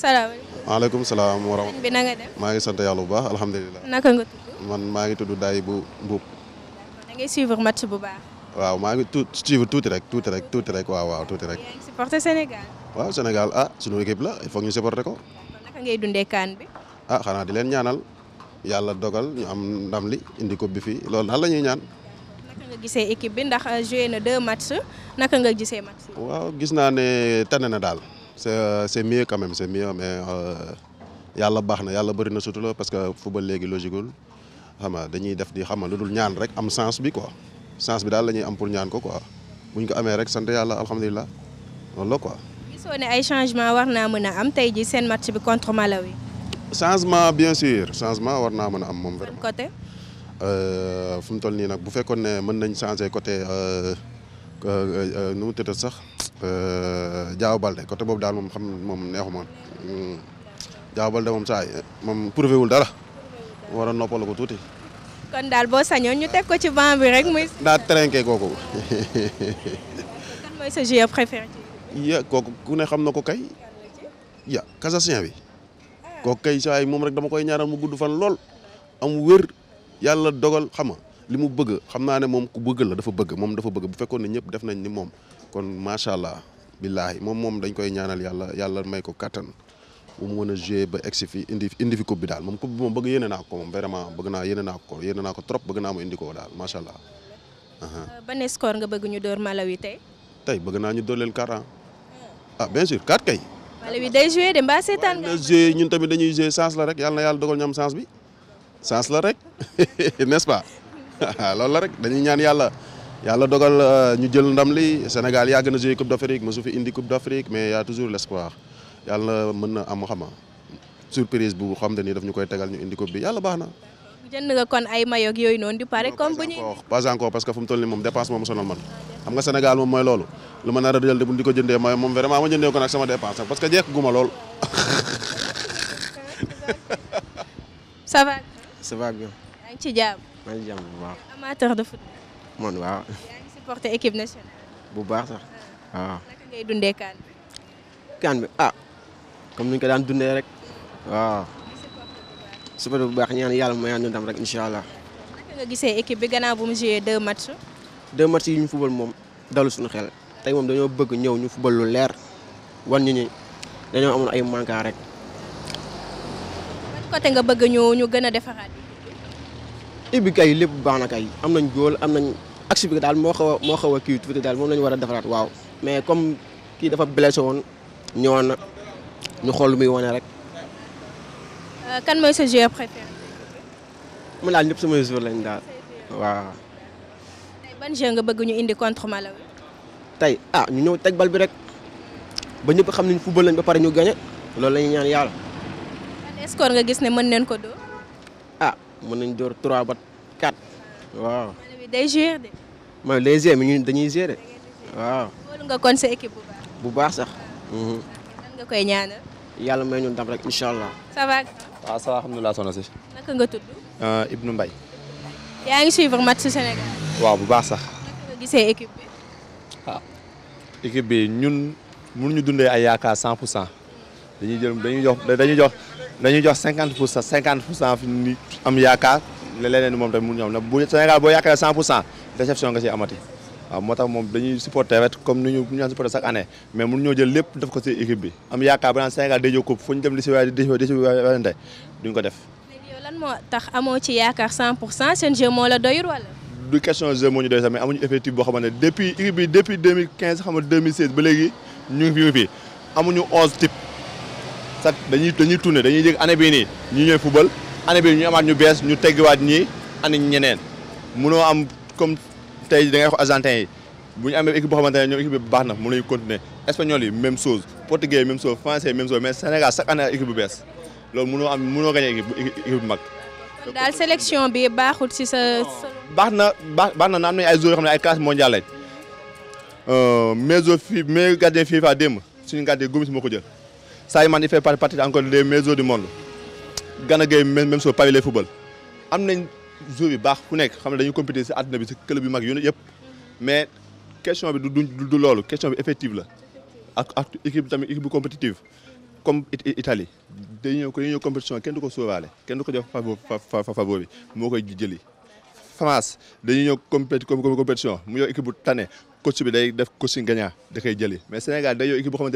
salaamaaleykum maaleykum salaam wa rahmatulah. bi maa ngi sant yàlla bu baax alhamdulilah. man maa ngi tudd Daay bu Mbuub. da suivre waaw maa ngi tu tuuti rek tuuti rek tuuti rek waaw waaw tuuti rek. yaa Sénégal. waaw Sénégal ah sunu équipe la il ñu supporter ko. naka ah, di leen ñaanal yàlla dogal ñu am ndam li indi coupe bi fii loolu daal la ñuy ñaan. naka nga gisee équipe bi ndax joué na deux matchs naka nga gisee match. waaw gis naa ne tane na daal. Euh, c'est mieux quand même c'est mieux mais euh, yàlla baax na yàlla bëri na sutura parce que football léegi logiqueul xam nga dañuy def di xam nga lu dul ñaan rek am sens bi quoi sens bi daal la am pour ñaan ko ko bu ko amee rek sant yàlla alhamdulilah loolu la quoi. changement war naa a seen match bi contre changement bien sûr changement war naa mën am moom. vraiment côté. Euh, fu mu toll nii nag bu fekkoon ne mën nañ changer côté. Euh, nu mu tëddee sax euh, Diao Balde côté boobu daal moom xam moom neexuma hmm. Diao Balde moom saa wul dara war a noppal ko tuuti. kon daal boo sañoon ñu teg ko rek muy. daa trinqué kooku. kan mooy sa joueur xam na ko kay. ya Casasien bi. Ah. kooku kay yi moom rek dama koy ñaanal mu gudd fan lool am wér yàlla dogal xam nga li mu bëgg xam naa ne moom ku bëgg la dafa bëgg moom dafa bëgg bu fekkoon ne ñëpp def nañ ni moom kon macha allah billaahi moom moom dañ koy ñaanal yàlla yàlla may ko kattan bu mu mën a joué ba egsi fi indi fi coupe bi daal moom coupe bi bëgg yéene naa ko moom vraiment bëgg naa yéene naa ko yéene naa ko trop bëgg naa mu indi ko daal macha allah. Uh-huh. Euh, nga bëgg ñu door Malawi tey. tey bëgg naa ñu door leen 4 ah bien sûr 4 kay. Malawi day joué de mbaa seetaan nga. ñun tamit dañuy joué chance la rek yàlla na yàlla dogal ñu am chance bi chance la rek nest loolu la rek dañuy ñaan yàlla yàlla dogal euh, ñu jël ndam li Sénégal yàgg na jouer coupe d'Afrique mosu fi indi coupe d'Afrique mais a toujours l'espoir yàlla mën na am xama surprise bu xam te ni daf ñu koy tegal ñu indi coupe bi yàlla baax na. jënd nga kon ay maillot yooyu noonu di pare comme bu ñuy pas encore parce que fu mu toll nii moom dépense moom sonal xam nga Sénégal moom mooy loolu lu ma a jël de bu di ko jëndee maillot moom vraiment ma jëndee ko nag sama dépense parce que jeex guma lool. maa ngi jàmm bu baax. amateur de foot. waaw. bu baax sax waaw. Ah. Ah. naka ngay dundee ah. comme ni ñu ko daan dundee rek waaw. supporter bu baax ñaan yàlla mayaan ñu dam rek incha allah. naka gisee équipe bi gannaaw bu mu joué deux matchs. deux matchs yi ñu fubal moom dalu suñu xel tey moom dañoo bëgg ñëw ñu fubal lu leer wan ñu ni dañoo amoon ay manquant rek. ban nga bëgg ñu ñu gën a defaraat. ibbi kay lépp baax na kay am nañ góol am nañ axe bi daal moo xaw a moo xaw a kii daal moom la war a defaraat waaw mais comme kii dafa blessé woon ñëwoon na ñu xool lu muy wane rek. Euh, kan mooy sa joueur préféré. mu daal ñëpp samay joueur lañ daal waaw. tey ban nga bëgg ñu indi contre Malawi. tey ah ñu ñëw teg bal bi rek ba ñëpp xam nañ football lañ ba pare ñu gagné loolu la ñuy ñaan yàlla. score nga gis ne mën neen ko dóor. mën nañ door trois ba 4 waaw. day gérer de. mooy les gérer ñun dañuy gérer waaw. wóolu nga kon se équipe bu baax. sax. Mhm. lan nga koy ñaanal. yàlla may ñu ndam rek incha allah. ça va. waaw ah, ça va alhamdulilah soxna si. naka nga tudd. Euh, Ibnu Mbaye. yaa ngi suivre match su Sénégal. waaw bu baax sax. naka nga gisee équipe bi. Ah, ñun mënuñu dundee ay yaakaar 100 pour dañuy jël dañuy jox dañuy jox nañu jox cinquante pour cent cinquante pour cent fi ñu am yaakaar leneen moom tamit mu ñoom nag bu Sénégal boo yaakaaree cent pour cent déception nga si amati waaw moo tax moom dañuy supporter rek comme ni ñu ñu supporter chaque année mais mënu ñoo jël lépp def ko si équipe bi am yaakaar ba naan Sénégal day jóg coupe ñu dem di si waay di si werante duñ ko def. léegi yow lan question jeu moo ñu doy sax mais amuñu effectif boo xamante ne depuis équipe bi depuis deux mille sax dañuy dañuy tourné dañuy yëg année bii nii ñu ñooy fubal année ñu amaat ñu bees ñu teggiwaat ñi ani ñeneen munoo am comme tey da ngay wax argentin yi bu ñu amee équipe boo xamante ne ñoom équipe bu baax na mun nañu continuer espagnol yi même chose portugais yi même chose français yi même chose mais Sénégal chaque année équipe bu bees loolu munoo am munoo gagné équipe bu mag. bi baaxul ci sa. baax na baax baax na am nañu ay joueurs yoo xam ne ay classe mondiale lañ euh, mais joueurs fii mais gardien FIFA démb suñu gardien Gomis moo ko jël. Salimane il fait partie encore des meilleurs joueurs du monde Gana Gueye même même Paris lay football am na joueurs yu baax ku nekk xam ne dañuy compété si àdduna bi si club yu mag yëpp mais question bi du du du loolu question bi effective la ak ak équipe tamit équipe bu compétitive comme Italie dañuy ñëw dañuy ñëw compétition kenn du ko sóoraale kenn du ko jox favori favori moo koy jëli. France dañuy ñëw compét compétition mu yor équipe bu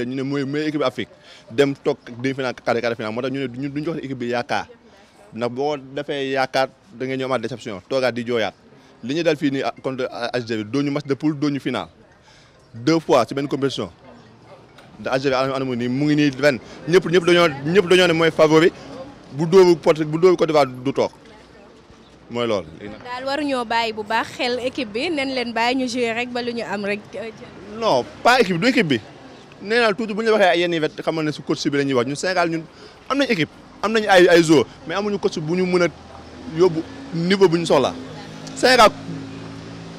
ñu ne mooy mooy équipe Afrique ñu ne duñu da nga ñëw di jooyaat li ñu dal fii nii ah, contre Algérie doo ñu match ñu finale mu ngi nii ren ñëpp ñëpp dañoo ñëpp dañoo ne mooy favori bu dóobu Portugal bu dóobu ko d'Ivoire du toog mooy loolu. daal ñoo bàyyi bu baax xel équipe bi nen leen bàyyi ñu joué rek ba lu ñu am rek. Euh, non pas équipe du équipe bi nee naa tuuti bu ñu la waxee ay yenn yëpp xamal ne su coach bi la ñuy wax ñu Sénégal ñun am nañ équipe am nañ ay ay joueurs mais amuñu coach bu ñu mën a yóbbu niveau bu ñu soxla Sénégal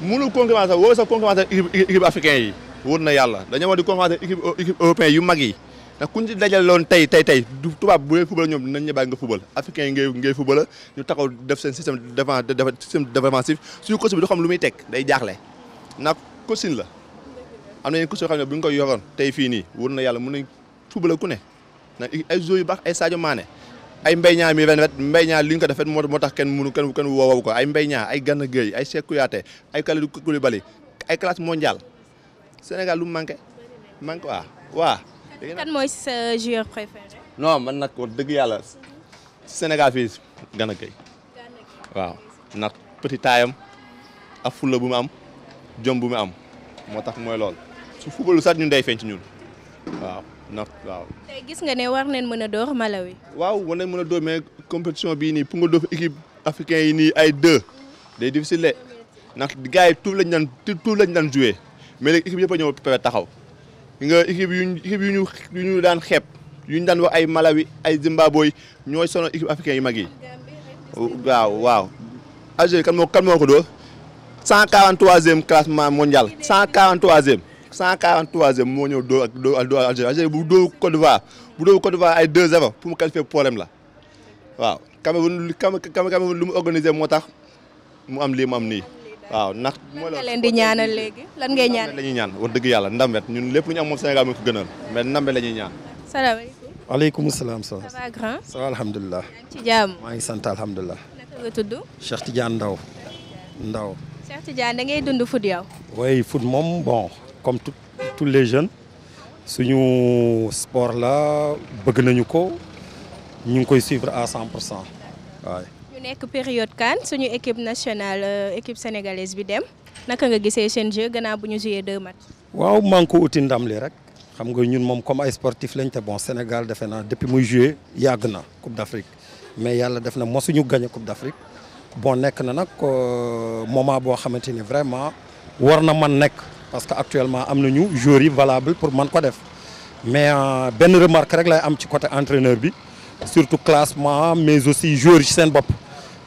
mënul concurrence woo sa concurrence équipe équipe africain yi wóor na yàlla dañoo war di concurrence équipe équipe européen yu mag yi. ndax kuñ ci dajal loon tey tey tey du tubaab bu dee fubal ñoom dinañ ñu bàyyi nga fubal africain yi ngay ngay fubala ñu taxaw def seen système défense système défensif suñu coach bi du xam lu muy teg day jaaxle ndax coaching la am na yeneen coach yoo xam ne bu ñu koy yoroon tey fii nii wër na yàlla mën nañ fubala ku ne ndax ay joueurs yu baax ay Sadio Mané ay Mbaye Niang mi ren wet Mbaye Niang li ñu ko defet moo moo tax kenn mënu kenn kenn woowaw ko ay Mbaye Niang ay Gana Gueye ay Cheikh Kouyaté ay Kalidou Koulibaly ay classe mondiale Sénégal lu mu manqué manqué waaw waaw kan mooy sa joueur préféré. non man nag wax dëgg yàlla Sénégal fii Gana Gueye waaw ndax petit taayam ak fulla bu mu am jom bu mu am moo tax mooy lool su fubalu sax ñun day feeñ ci ñun waaw ndax waaw. tey gis nga ne war neen mën a door Malawi. waaw war nañ mën a door mais compétition bii nii pour nga doof équipe africain yi nii ay deux day difficile de ndax gars yi tout lañ daan tout lañ daan joué mais yëpp a ñëw taxaw. nga équipe yu ñu équipe yu ñu daan xep yu ñu daan wax ay Malawi ay Zimbabwe ñooy sonal équipe africain yu mag yi. waaw waaw. Algérie kan moo kan moo ko dóor cent quarante troisième classement mondial cent quarante troisième cent moo ñëw dóor Algérie Algérie bu dóor Côte d'Ivoire bu dóor Côte d'Ivoire ay deux zéro pour mu qualifier problème la waaw Cameroun Cameroun lu mu organisé moo tax mu am lii mu am nii. waaw ndax mooy leen di ñaanal léegi lan ngay ñaan la ñuy ñaan wax dëgg yàlla ndambet ñun lépp lu ñu am moom Sénégal moo ko gënal mais ndambet la ñuy ñaan salaamaaleykum salaam ça va grand ça va alhamdulilah ci ngi sant alhamdulilah naka nga Ndaw Ndaw Cheikh Tidiane da ngay dund foot yow oui moom bon comme tout tous les jeunes suñu sport la bëgg nañu ko ñu ngi koy suivre à cent pour cent waaye nekk période CAN suñu équipe nationale euh, équipe sénégalaise bi dem naka nga gisee seen jeu gannaaw bu ñu joué deux matchs. waaw maa ngi ko uti ndam li rek xam nga ñun moom comme ay sportif lañ te bon Sénégal defe naa depuis muy joué yàgg na Coupe d'Afrique mais yàlla def na mosuñu gagné Coupe d'Afrique bon nekk na nag euh, moment boo xamante ni vraiment war na man nekk parce que actuellement am nañu joueurs yi valable pour man ko def mais euh, benn remarque rek lay am ci côté entraîneur bi surtout classement mais aussi joueurs yi seen bopp.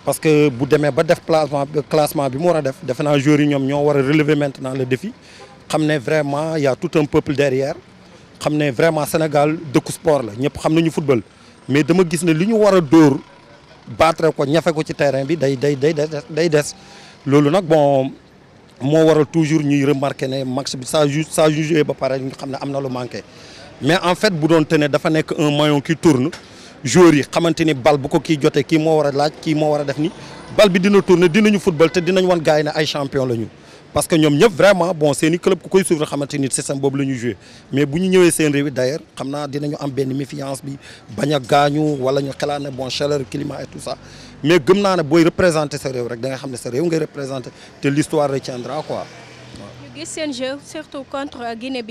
parce que bu demee ba def classement classement bi mu war a def defe naa ñoom ñoo war a relever maintenant le defi xam ne vraiment y a tout un peuple derrière xam ne vraiment Sénégal dëkku sport la ñëpp xam nañu football mais dama gis ne lu ñu war a dóor battre ko ñafe ko ci terrain bi day day day day des loolu nag bon moo waral toujours ñuy remarqué ne match bi saa ju saa jugé ba pare xam ne am na lu manqué mais en fait bu doon te ne dafa nekk un maillon qui tourne joueurs yi xamante bal bu ko kii jotee kii moo war a laaj kii moo war a def ni bal bi dina tourner dinañu football te dinañ wan gars yi ne ay champion la ñu parce que ñoom ñëpp vraiment boobu la ñu mais bu ñu ñëwee seen réew it d'ailleurs xam naa dinañu am benn méfiance bi bañ a gaañu wala ñu xalaat bon chaleur climat et tout ça mais gëm naa ne booy représenté sa réew rek da nga xam ne sa réew ngay représenté te l'histoire retiendra quoi. gis seen jeu surtout contre Guinée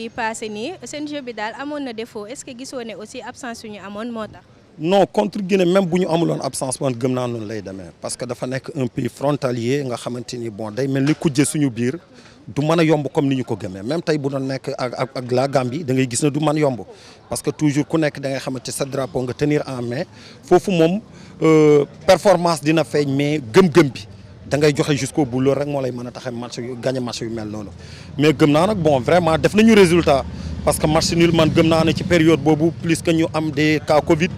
non contre Guinée même bu ñu amuloon absence man gëm naa noonu lay demee parce que dafa nekk un pays frontalier nga xamante ni bon day mel ni kujje suñu biir du mën a yomb comme ni ñu ko gëmee même tey bu doon nekk ak ak da ngay gis ne du mën yomb parce que toujours ku nekk da ngay xamante sa nga tenir en main foofu moom euh, performance dina feeñ mais gëm-gëm bi da ngay joxe jusqu'au bout loolu rek moo lay mën a taxe match yu gagné match yu mel noonu mais gëm naa nag bon vraiment def nañu résultat parce que match nul man gëm naa ne ci période boobu plus que ñu am des cas Covid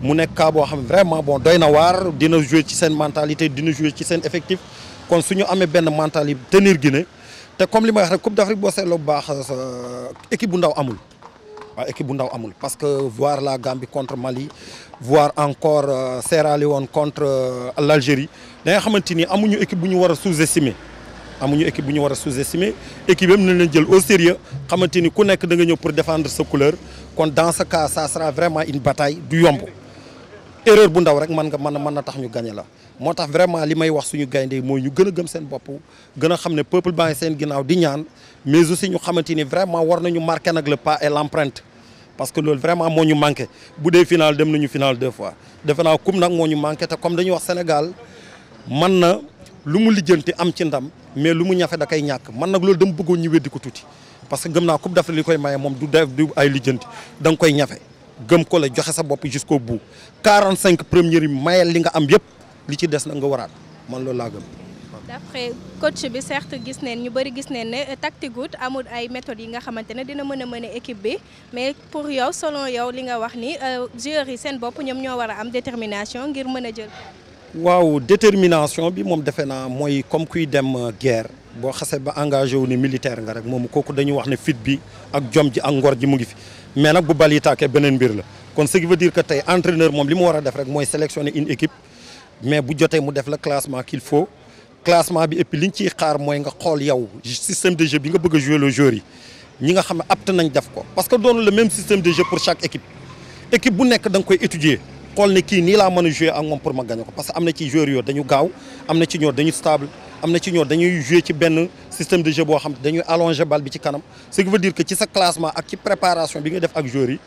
mu nekk cas boo xam ne vraiment bon doy na waar dina jouer ci seen mentalité dina jouer ci seen effectif kon su ñu amee benn mentalité tenir Guinée te comme li may wax rek Coupe d'Afrique boo seetloo bu baax euh, équipe bu ndaw amul waaw équipe bu ndaw amul parce que voir la Gambie contre Mali voir encore euh, Sierra woon contre euh, l'Algérie da nga xamante ni amuñu équipe bu ñu war a sous-estimer amuñu équipe bu ñu war a sous-estimer équipe yëpp leen jël au sérieux xamante ni ku nekk da nga ñëw pour défendre sa couleur kon dans ce cas vraiment une bataille du yomb erreur bu ndaw rek mën nga mën mën na tax ñu gagné la moo tax vraiment li may wax suñu gaynde mooy ñu gën a gëm seen bopp gën xam ne peuple baa seen ginnaaw di ñaan mais aussi ñu xamante ni vraiment war nañu marqué nag le pas et l'empreinte parce que loolu vraiment moo ñu manqué bu dee final dem nañu final deux fois defe naa coupe nag moo ñu manqué te comme dañuy wax Sénégal man na lu mu lijjanti am ci ndam mais lu mu ñafe da koy ñàkk man nag loolu dama bëggoon ñu weddi ko tuuti parce que gëm naa coupe d'Afrique li koy maye moom du def du ay koy ñafe gëm ko la joxe sa bopp jusqu'au bout 45 premières yi mayal li nga am yëpp li ci des na nga waraat man loolu laa gëm. d'après coach bi certes gis neen ñu bëri gis neen ne tactique gut ay méthodes yi nga xamante ne dina mën a mën a équipe bi mais pour yow selon yow li nga wax ni euh, joueurs yi seen bopp ñoom ñoo war a am détermination ngir mën a jël. waaw détermination bi moom defe naa mooy comme kuy dem euh, guerre boo xasee ba engagé wu ni militaire nga rek moom kooku dañuy wax ne fit bi ak jom ji ak ji mu fi. mais nag bu bal yi tàkkee beneen mbir la kon ce qui veut dire que tey entraîneur moom li mu war a def rek mooy sélectionner une équipe mais bu jotee mu def la classement qu'il faut classement bi et li liñ ciy xaar mooy nga xool yow système de bi nga bëgg a jouer yi ñi nga xam ne apte nañ def ko parce que doonu le même système de jeu pour chaque équipe équipe bu nekk da nga koy étudier xool ne kii nii laa mën a jouer ak moom pour ma gagner ko parce que am na ci joueurs yoo dañu gaaw am na ci ñoo dañu stable am na ci ñoo dañuy jouer ci benn système de jeu boo xam dañuy allonger bal bi ci kanam ce qui veut dire que ci sa classement ak ci préparation bi nga def ak joueurs yi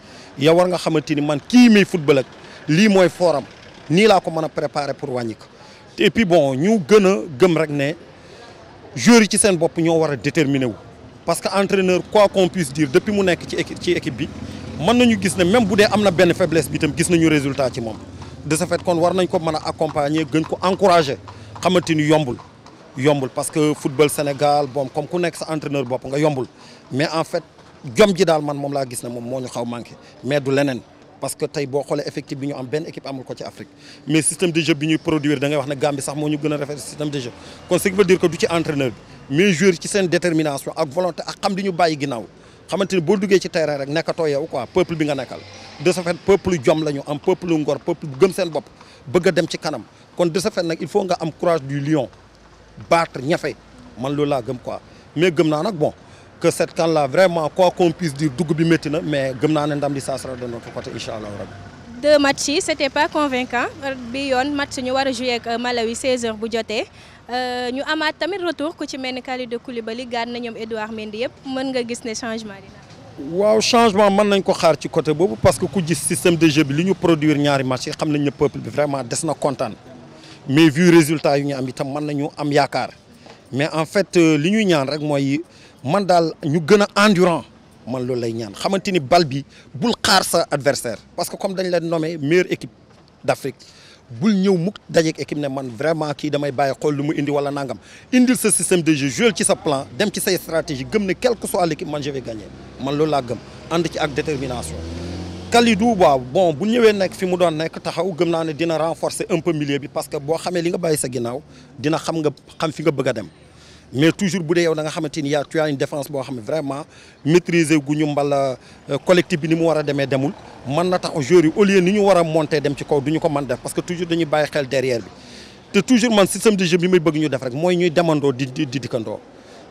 yow war nga xamante ni man kii may football ak lii mooy fooram nii laa ko mën a préparer pour wàññi ko et puis bon ñu gën a gëm rek ne joueurs yi ci seen bopp ñoo war a déterminer wu. parce que entraîneur quoi qu'on puisse dire depuis mu nekk ci équipe ci équipe bi mën gis ne même bu dee am na benn faiblesse bi tam gis nañu résultat ci moom de ce kon war nañ ko mën a accompagner gën ko encourager xamante ni yombul. yombul parce que football Sénégal boom comme ku nekk sa entraîneur bopp nga yombul mais en fait jom ji daal man moom laa gis ne moom moo ñu xaw manqué mais du leneen parce que tey boo xoolee effectif bi ñu am benn équipe amul ko ci Afrique mais système de jeu bi ñuy produire da wax ne Gambie sax moo ñu gën a rafet système de jeu kon ce qui veut dire que du ci entraîneur bi mais joueur ci seen détermination ak volonté ak xam li ñu bàyyi ginnaaw xamante boo duggee ci terrain rek nekkatoo yow quoi peuple bi nga nekkal de ce la ñu am peuple ngor seen bopp bëgg a dem kanam kon de ce faut nga am courage du lion battre ñafe man loolu laa gëm quoi mais gëm naa nag bon que cette CAN là vraiment quoi qu'on puisse dire dugg bi métti na mais gëm naa ne ndam li ça sera de notre côté incha allah rabi. deux matchs yi c'était pas convaincant bi yoon match ñu war a euh, Malawi 16h bu jotee euh, ñu amaat tamit retour ku ci mel ni Kalidou Koulibaly gànn na ñoom Edouard Mendy yëpp mën nga gis ne changement dina waaw changement mën nañ ko xaar ci côté boobu parce que ku gis système nañ ne peuple bi vraiment des na kontaan. mais vu résultat yu ñu am itam man nañu am yaakaar mais en fait euh, li ñuy ñaan rek mooy man daal ñu gën a endurant man loolu ñaan xamante ni bal bi bul xaar sa adversaire parce que comme dañ leen nommé meilleure équipe d'Afrique bul ñëw mukk dajeeg équipe ne man vraiment kii damay bàyyi xool lu mu indi wala nangam indil sa système de jeu jouer ci sa plan dem ci say stratégie gëm ne quel que soit l'équipe man je vais gagner man loolu laa gëm ànd ci ak détermination Kalidou waaw bon bu ñëwee nekk fi mu doon nekk taxaw gëm naa ne dina renforcer un peu milieu bi parce que boo xamee li nga bàyyi sa ginnaaw dina xam nga xam fi nga bëgg a dem mais toujours bu dee yow da nga xamante ni yaa tu as boo xam ne vraiment maîtriser gu ñu mbala euh, collectif bi ni mu war a demee demul mën na tax joueurs yi au lieu ni ñu war a monter dem ci kaw du ñu ko man def parce que toujours dañuy bàyyi xel derrière bi te toujours man système de jeu bi may bëgg ñu def rek mooy ñuy demandoo di di dikkandoo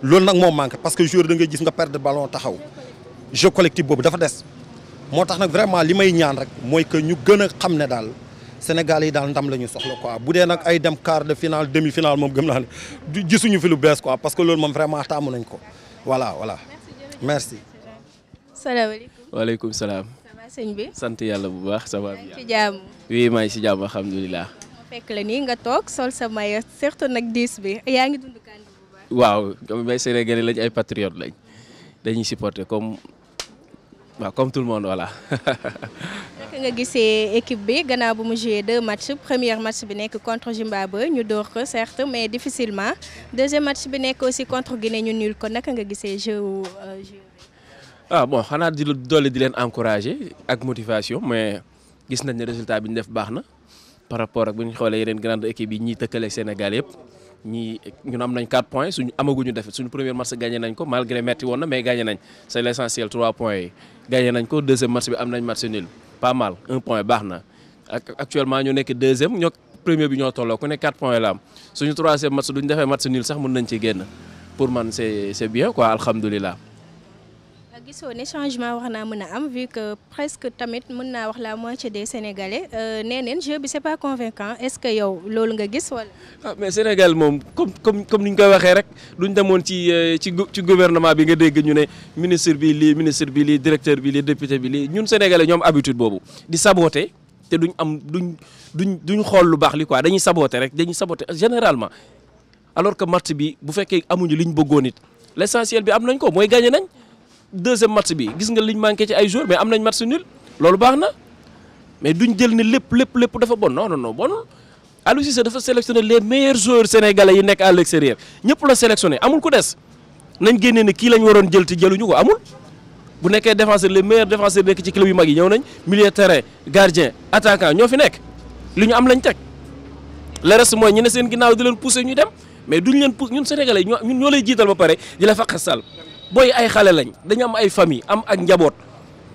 loolu nag moo manqué parce que joueur da ngay gis nga perdre ballon taxaw jeu collectif boobu dafa des. moo tax nag vraiment li may ñaan rek mooy que ñu gën a xam ne daal Sénégal yi daal ndam la ñu soxla quoi bu dee nag ay dem quart de finale demi finale moom gëm naa ne du gisuñu fi lu bees quoi parce que loolu moom vraiment taamu nañ ko voilà voilà. merci. salaamaaleykum. waaleykum salaam. ça va sëñ bi. sant yàlla bu baax ça va. ci jàmm. maa ngi si jàmm alhamdulilah. ma fekk la nii nga toog sol sa maillot surtout nag diis bi yaa ngi dund kànd waaw comme ay Sénégalais lañ ay patriotes lañ dañuy supporter comme. waaw comme tout le monde voilà. naka nga gisee équipe bi gannaaw bu mu joué deux matchs premier match bi nekk contre Zimbabwe ñu door ko certes mais difficilement deuxième match bi nekk aussi contre Guinée ñu nul ko naka nga gisee jeu euh, ah bon xanaa di doole di leen encourager ak motivation mais gis nañ ne résultat bi ñu def baax na par rapport ak bu ñu xoolee yeneen grande équipe yi ñiy tëkkale Sénégal yëpp. ñi ñun am nañ 4 points suñu amaguñu def suñu premier match gagné nañ ko malgré metti woon na mais gagné nañ c' est l' essentiel points yi gagné nañ ko deuxième match bi am nañ match nul pas mal un point baax na ak actuellement ñu nekk deuxième ñoo premier bi ñoo tolloo ku ne 4 points la am suñu troisième match duñ defee match nul sax mun nañ ci génn pour man c' est c' est bien quoi alhamdulilah. gisoo ne changement wax naa mën a am vu que presque tamit mën naa wax la moitié des sénégalais euh, nee neen jeu bi c'est pas convaincant est-ce que yow loolu nga gis wala. ah mais Sénégal moom comme comme comme ni ñu koy waxee rek duñ demoon ci euh, ci ci gouvernement bi nga dégg ñu ne ministre bi lii ministre bi lii directeur bi lii député bi lii ñun sénégalais ñoom habitude boobu di saboter. te duñ am duñ duñ duñ xool lu baax li quoi dañuy saboter rek dañuy saboter généralement alors que match bi bu fekkee amuñu liñ bëggoon it l'essentiel bi am nañ ko mooy gagné nañ deuxième match bi gis nga liñ manqué ci ay joueurs mais am nañ match nul loolu baax na mais duñ jël ne lépp lépp lépp dafa bon non non non bonul Aliou Cissé dafa sélectionné les meilleurs joueurs sénégale yi nekk à l'extérieur ñëpp la sélectionné amul ku des nañ génnee ne kii lañ waroon jël te jëluñu ko amul bu nekkee défenseur les meilleurs défenseurs nekk ci kilo yu mag yi ñëw nañ milieu terrain gardien attaquant ñoo fi nekk li ñu am lañ teg le reste mooy ñu ne seen ginnaaw di leen pousser ñu dem mais duñ leen pousse ñun sénégalais ñoo ñun ñoo lay jiital ba pare di la faqasal booy ay xale lañ dañu am ay famille am ak njaboot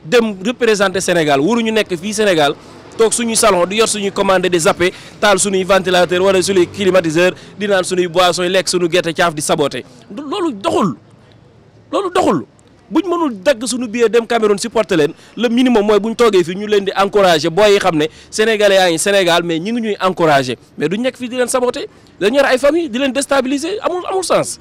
dem représenter Sénégal ñu nekk fii Sénégal toog suñu salon di yor suñuy commandé di zappé taal suñuy ventilateur wala suñuy climatiseur di naan suñuy boissons yi lekk suñu gerte caaf di saboté loolu doxul loolu doxul buñ mënul dagg suñu billet dem Cameroun supporter leen le minimum mooy buñ toogee fii ñu leen di encouragé booy yi xam ne sénégalais yaa ngi Sénégal mais ñi ngi ñuy encouragé mais du nekk fii di leen saboté dañu ay famille di leen déstabiliser amul amul sens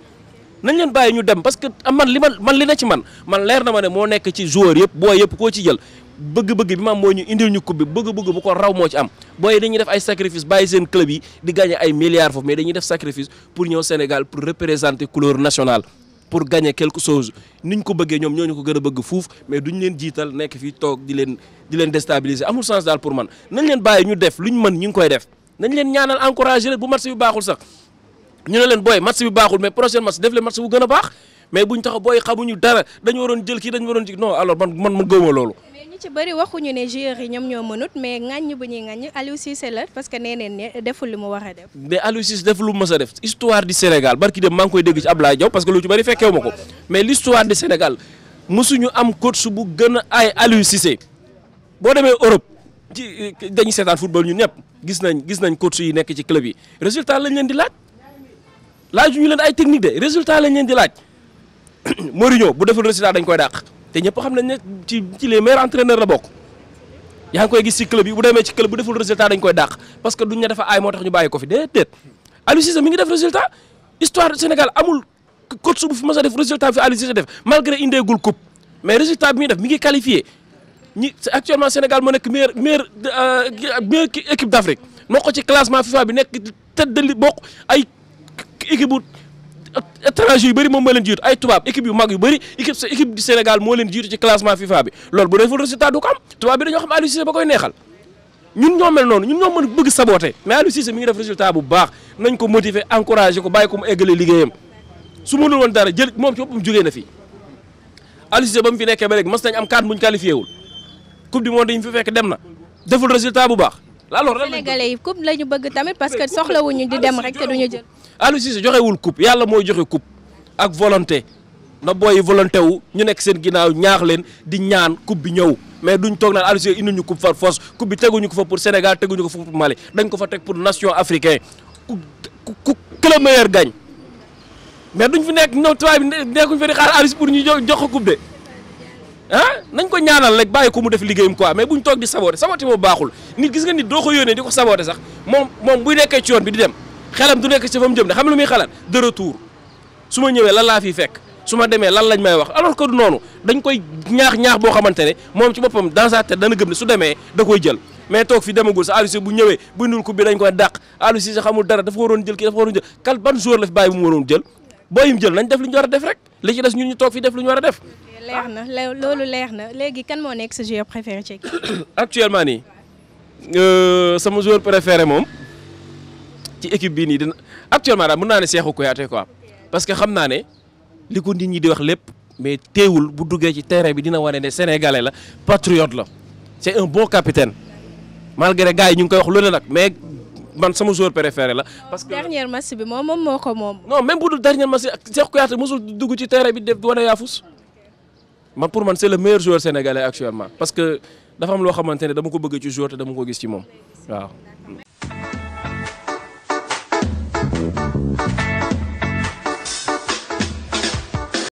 nañ leen bàyyi ñu dem parce que man li man man li na ci man man leer na ma ne moo nekk ci joueur yëpp boo yëpp koo ci jël bëgg-bëgg bi ma am moo ñu indil ñu coupe bëgg-bëgg bu ko raw moo ci am booy dañuy def ay sacrifice bàyyi seen club yi di gagné ay milliards foofu mais dañuy def sacrifice ñëw Sénégal pour représenter couleur nationale pour gagner quelque chose niñ ko bëggee ñoom ñoo ñu ko gën a bëgg fuuf mais duñ leen jiital nekk fii toog di leen di leen déstabiliser amul sens daal pour man nañ leen bàyyi ñu def ñu mën ñu ngi koy def nañ leen ñaanal encouragé bu match bi baaxul sax ñu ne leen booy match bi baaxul mais prochain match def leen match bu gën a baax mais buñ tax booy xamuñu dara dañu waroon jël kii dañu waroon jël non alors man man ma gëwma loolu. mais ñi ci bëri waxuñu ne joueurs yi ñoom ñoo mënut mais ŋàññ bu ñuy ŋàññ Aliou la parce que nee neen ne deful lu mu war a def. mais Aliou Cissé deful lu mu mës a def histoire du Sénégal barki dem maa ngi koy dégg ci Ablaye Diaw parce que lu ci bëri fekkewu ma ko mais l'histoire du Sénégal mësuñu a ay Aliou Cissé boo demee ñëpp gis nañ gis nañ coach yi nekk ci club yi résultat lañ leen di laaj laaj ñu leen ay technique de résultat lañ leen di laaj Mourinho bu deful résultat dañ koy dàq te ñëpp xam nañ ne ci ci le meilleurs entraîneurs la bokk yaa ngi koy gis ci club yi bu demee ci club bu deful résultat dañ koy dàq parce que duñ ne dafa aay moo tax ñu bàyyi ko fi déedéet Aliou Cissé mi ngi def résultat histoire du Sénégal amul coach bu fi mës def résultat bi fi Aliou Cissé def mais résultat bi muy def mi ngi qualifié ñi actuellement Sénégal moo nekk meilleur meilleur euh, meilleure équipe d'Afrique ci classement FIFA bi nekk tête de li bokk équipe bu étranger yu bëri moom moo leen jiitu ay tubaab équipe yu mag yu bëri équipe sa équipe Sénégal moo leen jiitu ci classement FIFA bi loolu bu deful résultat du ko am tubaab bi dañoo xam Aliou Cissé ba koy neexal ñun ñoo mel noonu ñun ñoo mën bëgg saboté mais Aliou Cissé ngi def résultat bu baax nañ ko motiver encouragé ko bàyyi ko mu eggale liggéeyam su mënul woon dara jël moom ci boppam jógee na fi Aliou Cissé ba mu fi nekkee ba léegi mas nañ am 4 buñ qualifié bu baax alors lan sénégalais yi coupe la ñu bëgg tamit parce que soxlawuñu di dem rek te duñu jël. Aliou Cissé joxewul coupe ak volonté na booy volonte wu ñu nekk seen ginnaaw ñaax leen di ñaan coupe bi ñëw mais duñ toog naan Aliou Cissé indi ñu coupe far force coupe bi teguñu ko fa pour Sénégal teguñu ko fa pour Mali dañ ko teg pour nation africain ku ku que le meilleur gagne mais duñ fi nekk ñoom tubaab bi nekkuñ fa jox ko coupe de. ah nañ ko ñaanal rek bàyyi ko mu def liggéeyam quoi mais buñ toog di saboté saboté moo baaxul nit gis nga nit doo ko yónnee di ko saboté sax moom moom buy nekkee ci yoon bi di dem xelam du nekk ci fa mu jëm ne xam lu muy xalaat de retour ma ñëwee lan laa fiy fekk su ma demee lan lañ may wax alors que noonu dañ koy ñaax ñaax boo xamante ne moom ci boppam dans sa tête dana gëm ne su demee da koy jël mais toog fi demagul sa Aliou Cissé bu ñëwee bu ndul coupe bi dañ koy dàq Aliou Cissé xamul dara dafa waroon jël kii dafa waroon jël kal ban jour la fi bàyyi mu waroon jël booyum jël nañ def lu ñu war a def rek li ci des ñun ñu toog fi def lu ñu war a def leer na loolu leer na léegi kan moo nekk sa joueur préféré ci actuellement nii euh, sama joueur préféré moom ci équipe bi nii dina actuellement daal mun naa ne Cheikhou Kouyaté quoi parce que xam naa ne li ko nit ñi di wax lépp mais teewul bu duggee ci terrain bi dina ware de sénégalais la patriote la c'est un bon capitaine malgré gars yi koy wax lu ne nag mais man sama joueur préféré la. parce que dernier match bi moom moom moo ko moom. non bu dul dernier match Cheikhou Kouyaté mosul ci terrain man pour man c'est le meilleur joueur sénégalais actuellement parce que dafa am loo xamante ne dama ko bëgg ci joueur te dama ko gis ci moom waaw.